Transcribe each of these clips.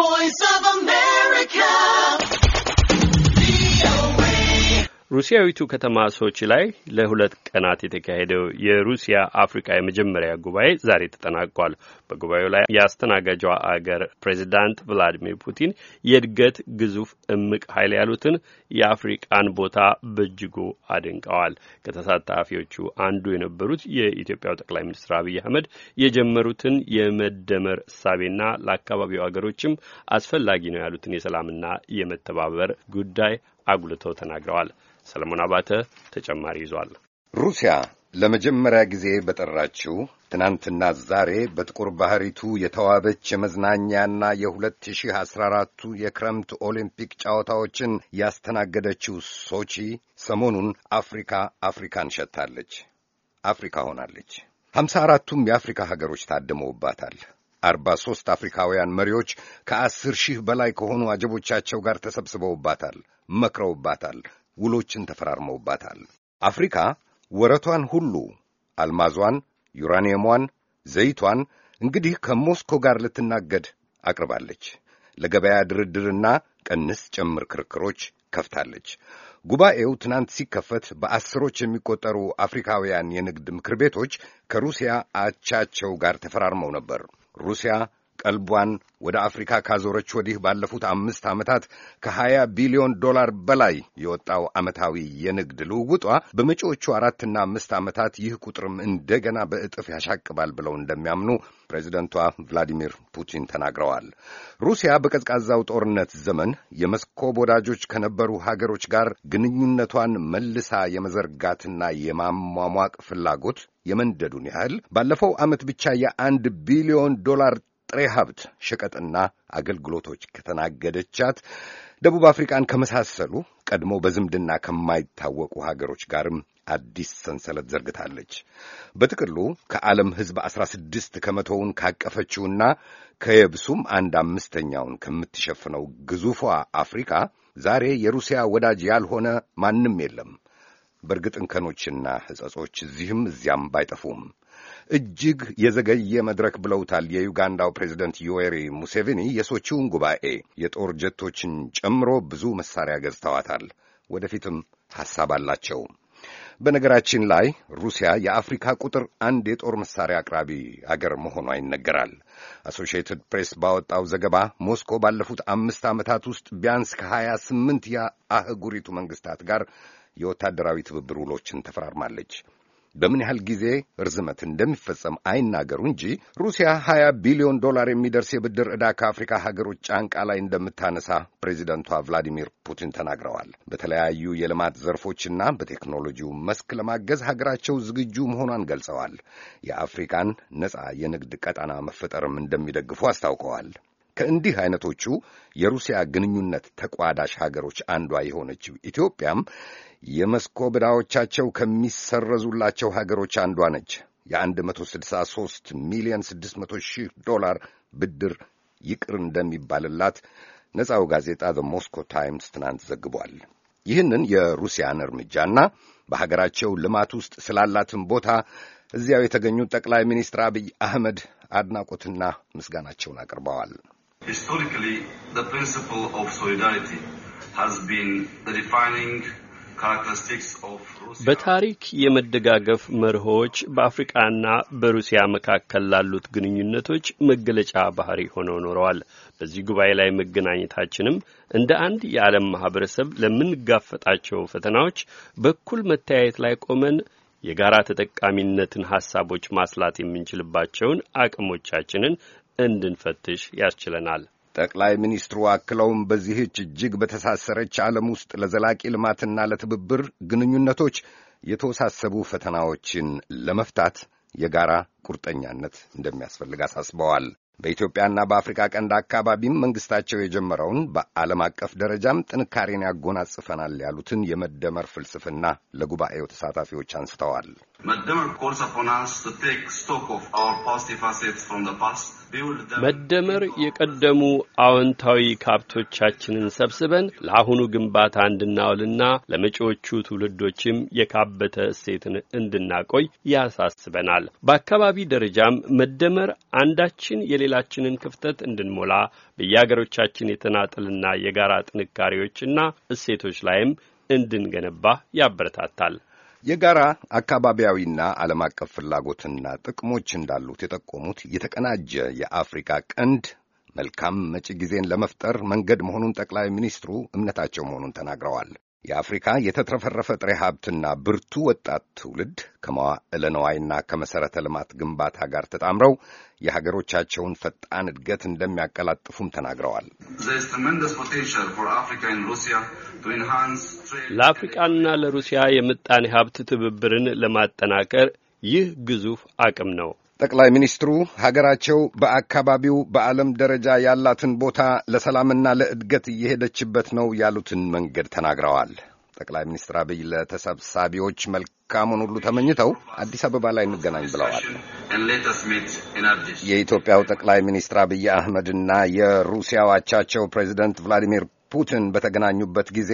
voice ሩሲያዊቱ ከተማ ሶቺ ላይ ለሁለት ቀናት የተካሄደው የሩሲያ አፍሪካ የመጀመሪያ ጉባኤ ዛሬ ተጠናቋል። በጉባኤው ላይ የአስተናጋጇ አገር ፕሬዚዳንት ቭላዲሚር ፑቲን የእድገት ግዙፍ እምቅ ኃይል ያሉትን የአፍሪቃን ቦታ በእጅጉ አድንቀዋል። ከተሳታፊዎቹ አንዱ የነበሩት የኢትዮጵያው ጠቅላይ ሚኒስትር አብይ አህመድ የጀመሩትን የመደመር እሳቤና ለአካባቢው አገሮችም አስፈላጊ ነው ያሉትን የሰላምና የመተባበር ጉዳይ አጉልተው ተናግረዋል። ሰለሞን አባተ ተጨማሪ ይዟል። ሩሲያ ለመጀመሪያ ጊዜ በጠራችው ትናንትና ዛሬ በጥቁር ባህሪቱ የተዋበች የመዝናኛና የ2014ቱ የክረምት ኦሊምፒክ ጨዋታዎችን ያስተናገደችው ሶቺ ሰሞኑን አፍሪካ አፍሪካን ሸታለች። አፍሪካ ሆናለች። ሀምሳ አራቱም የአፍሪካ ሀገሮች ታድመውባታል። አርባ ሦስት አፍሪካውያን መሪዎች ከአስር ሺህ በላይ ከሆኑ አጀቦቻቸው ጋር ተሰብስበውባታል፣ መክረውባታል፣ ውሎችን ተፈራርመውባታል። አፍሪካ ወረቷን ሁሉ አልማዟን፣ ዩራኒየሟን፣ ዘይቷን እንግዲህ ከሞስኮ ጋር ልትናገድ አቅርባለች። ለገበያ ድርድርና ቀንስ ጨምር ክርክሮች ከፍታለች። ጉባኤው ትናንት ሲከፈት በአስሮች የሚቆጠሩ አፍሪካውያን የንግድ ምክር ቤቶች ከሩሲያ አቻቸው ጋር ተፈራርመው ነበር። ሩሲያ ቀልቧን ወደ አፍሪካ ካዞረች ወዲህ ባለፉት አምስት ዓመታት ከ20 ቢሊዮን ዶላር በላይ የወጣው ዓመታዊ የንግድ ልውውጧ በመጪዎቹ አራትና አምስት ዓመታት ይህ ቁጥርም እንደገና በእጥፍ ያሻቅባል ብለው እንደሚያምኑ ፕሬዚደንቷ ቭላዲሚር ፑቲን ተናግረዋል። ሩሲያ በቀዝቃዛው ጦርነት ዘመን የመስኮብ ወዳጆች ከነበሩ ሀገሮች ጋር ግንኙነቷን መልሳ የመዘርጋትና የማሟሟቅ ፍላጎት የመንደዱን ያህል ባለፈው ዓመት ብቻ የአንድ ቢሊዮን ዶላር ጥሬ ሀብት ሸቀጥና አገልግሎቶች ከተናገደቻት ደቡብ አፍሪካን ከመሳሰሉ ቀድሞ በዝምድና ከማይታወቁ ሀገሮች ጋርም አዲስ ሰንሰለት ዘርግታለች። በጥቅሉ ከዓለም ሕዝብ 16 ከመቶውን ካቀፈችውና ከየብሱም አንድ አምስተኛውን ከምትሸፍነው ግዙፏ አፍሪካ ዛሬ የሩሲያ ወዳጅ ያልሆነ ማንም የለም። በእርግጥ እንከኖችና ሕጸጾች እዚህም እዚያም ባይጠፉም እጅግ የዘገየ መድረክ ብለውታል። የዩጋንዳው ፕሬዚደንት ዮዌሪ ሙሴቬኒ የሶቺውን ጉባኤ የጦር ጀቶችን ጨምሮ ብዙ መሳሪያ ገዝተዋታል። ወደፊትም ሐሳብ አላቸው። በነገራችን ላይ ሩሲያ የአፍሪካ ቁጥር አንድ የጦር መሳሪያ አቅራቢ አገር መሆኗ ይነገራል። አሶሺየትድ ፕሬስ ባወጣው ዘገባ ሞስኮ ባለፉት አምስት ዓመታት ውስጥ ቢያንስ ከሀያ ስምንት የአህጉሪቱ መንግሥታት ጋር የወታደራዊ ትብብር ውሎችን ተፈራርማለች። በምን ያህል ጊዜ ርዝመት እንደሚፈጸም አይናገሩ እንጂ ሩሲያ 20 ቢሊዮን ዶላር የሚደርስ የብድር ዕዳ ከአፍሪካ ሀገሮች ጫንቃ ላይ እንደምታነሳ ፕሬዚደንቷ ቭላዲሚር ፑቲን ተናግረዋል። በተለያዩ የልማት ዘርፎችና በቴክኖሎጂው መስክ ለማገዝ ሀገራቸው ዝግጁ መሆኗን ገልጸዋል። የአፍሪካን ነጻ የንግድ ቀጣና መፈጠርም እንደሚደግፉ አስታውቀዋል። ከእንዲህ አይነቶቹ የሩሲያ ግንኙነት ተቋዳሽ ሀገሮች አንዷ የሆነችው ኢትዮጵያም የመስኮብዳዎቻቸው ከሚሰረዙላቸው ሀገሮች አንዷ ነች። የ163 ሚሊዮን 600 ሺህ ዶላር ብድር ይቅር እንደሚባልላት ነፃው ጋዜጣ ዘ ሞስኮ ታይምስ ትናንት ዘግቧል። ይህንን የሩሲያን እርምጃና በሀገራቸው ልማት ውስጥ ስላላትን ቦታ እዚያው የተገኙት ጠቅላይ ሚኒስትር አብይ አህመድ አድናቆትና ምስጋናቸውን አቅርበዋል። Historically, the principle of solidarity has been the defining በታሪክ የመደጋገፍ መርሆች በአፍሪቃና በሩሲያ መካከል ላሉት ግንኙነቶች መገለጫ ባህሪ ሆነው ኖረዋል። በዚህ ጉባኤ ላይ መገናኘታችንም እንደ አንድ የዓለም ማህበረሰብ ለምንጋፈጣቸው ፈተናዎች በኩል መተያየት ላይ ቆመን የጋራ ተጠቃሚነትን ሀሳቦች ማስላት የምንችልባቸውን አቅሞቻችንን እንድንፈትሽ ያስችለናል። ጠቅላይ ሚኒስትሩ አክለውም በዚህች እጅግ በተሳሰረች ዓለም ውስጥ ለዘላቂ ልማትና ለትብብር ግንኙነቶች የተወሳሰቡ ፈተናዎችን ለመፍታት የጋራ ቁርጠኛነት እንደሚያስፈልግ አሳስበዋል። በኢትዮጵያና በአፍሪካ ቀንድ አካባቢም መንግሥታቸው የጀመረውን በዓለም አቀፍ ደረጃም ጥንካሬን ያጎናጽፈናል ያሉትን የመደመር ፍልስፍና ለጉባኤው ተሳታፊዎች አንስተዋል። መደመር የቀደሙ አዎንታዊ ካብቶቻችንን ሰብስበን ለአሁኑ ግንባታ እንድናውልና ለመጪዎቹ ትውልዶችም የካበተ እሴትን እንድናቆይ ያሳስበናል። በአካባቢ ደረጃም መደመር አንዳችን የሌላችንን ክፍተት እንድንሞላ በየአገሮቻችን የተናጠልና የጋራ ጥንካሬዎችና እሴቶች ላይም እንድንገነባ ያበረታታል። የጋራ አካባቢያዊና ዓለም አቀፍ ፍላጎትና ጥቅሞች እንዳሉት የጠቆሙት የተቀናጀ የአፍሪካ ቀንድ መልካም መጪ ጊዜን ለመፍጠር መንገድ መሆኑን ጠቅላይ ሚኒስትሩ እምነታቸው መሆኑን ተናግረዋል። የአፍሪካ የተትረፈረፈ ጥሬ ሀብትና ብርቱ ወጣት ትውልድ ከመዋዕለ ነዋይና ከመሠረተ ልማት ግንባታ ጋር ተጣምረው የሀገሮቻቸውን ፈጣን እድገት እንደሚያቀላጥፉም ተናግረዋል። ለአፍሪቃና ለሩሲያ የምጣኔ ሀብት ትብብርን ለማጠናከር ይህ ግዙፍ አቅም ነው። ጠቅላይ ሚኒስትሩ ሀገራቸው በአካባቢው በዓለም ደረጃ ያላትን ቦታ ለሰላምና ለእድገት እየሄደችበት ነው ያሉትን መንገድ ተናግረዋል። ጠቅላይ ሚኒስትር አብይ ለተሰብሳቢዎች መልካሙን ሁሉ ተመኝተው አዲስ አበባ ላይ እንገናኝ ብለዋል። የኢትዮጵያው ጠቅላይ ሚኒስትር አብይ አህመድና የሩሲያው አቻቸው ፕሬዚደንት ቭላዲሚር ፑቲን በተገናኙበት ጊዜ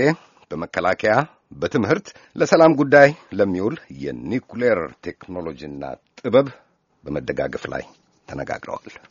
በመከላከያ በትምህርት ለሰላም ጉዳይ ለሚውል የኒኩሌር ቴክኖሎጂና ጥበብ በመደጋገፍ ላይ ተነጋግረዋል።